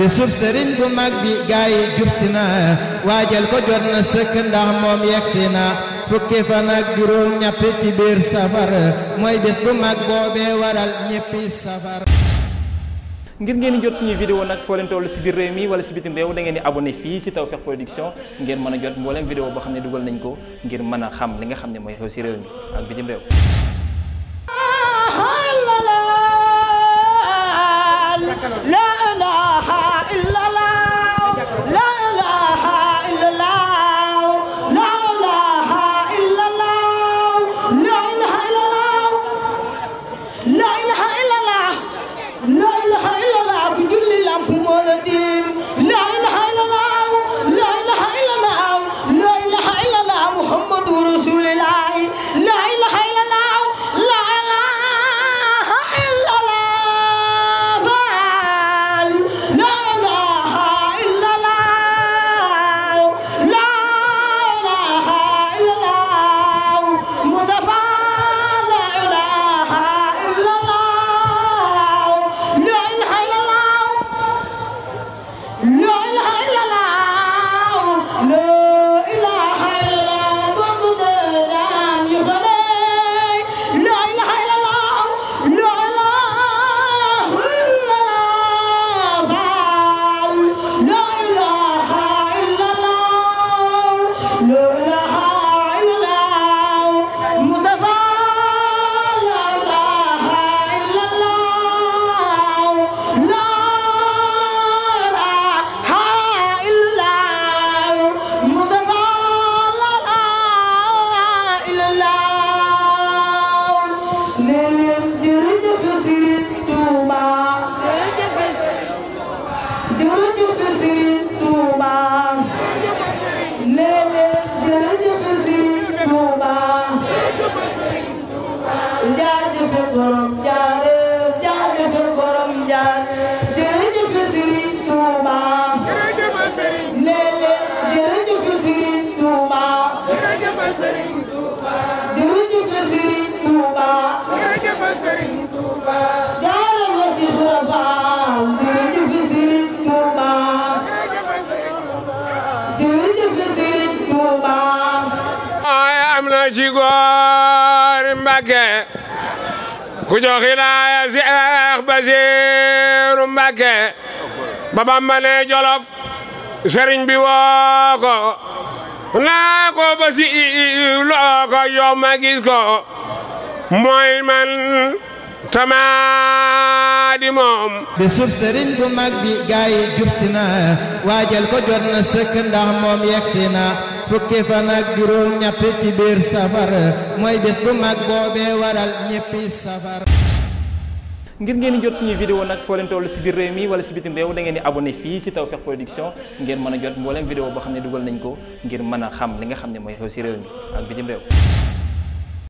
bisub sëriñ bu mag bi gaa yi jub si na waajal ko jot na sëkk ndax moom yegg si na fukki fan ak juróom ñett ci biir safar mooy bés bu mag boobee waral ñéppi safar ngir ngeen jot suñuy vidéo nag foo leen toll si biir réew mi wala si bitim réew da ngeen di abonné fii si Tawfekh Production ngeen mën a jot mbooleem vidéo boo xam ne dugal nañ ko ngir mën a xam li nga xam ne mooy xew si réew mi ak bitim réew borom am na ci góori Mbàkke ku jox ilaaya Seex Basiiru Mbàkke ba Bamba ne Jolof sëriñ bi woo ko naa ko ba si loo ko yox ma gis ko mooy man tamaadi moom bisub sëriñ bu mag bi gaay yi jub si na waajal ko jot na sëkk ndax moom yegsi na fukki fan ak juróom ñett ci biir safar mooy bés bu mag boobee waral ñéppi safar ngir ngeen jot suñuy vidéo nag foo leen toll si biir réew mi wala si bitim réew da ngeen di abonné fii si Tawfekh Production ngeen mën a jot mbooleem vidéo boo xam ne dugal nañ ko ngir mën a xam li nga xam ne mooy xew si réew mi ak bitim réew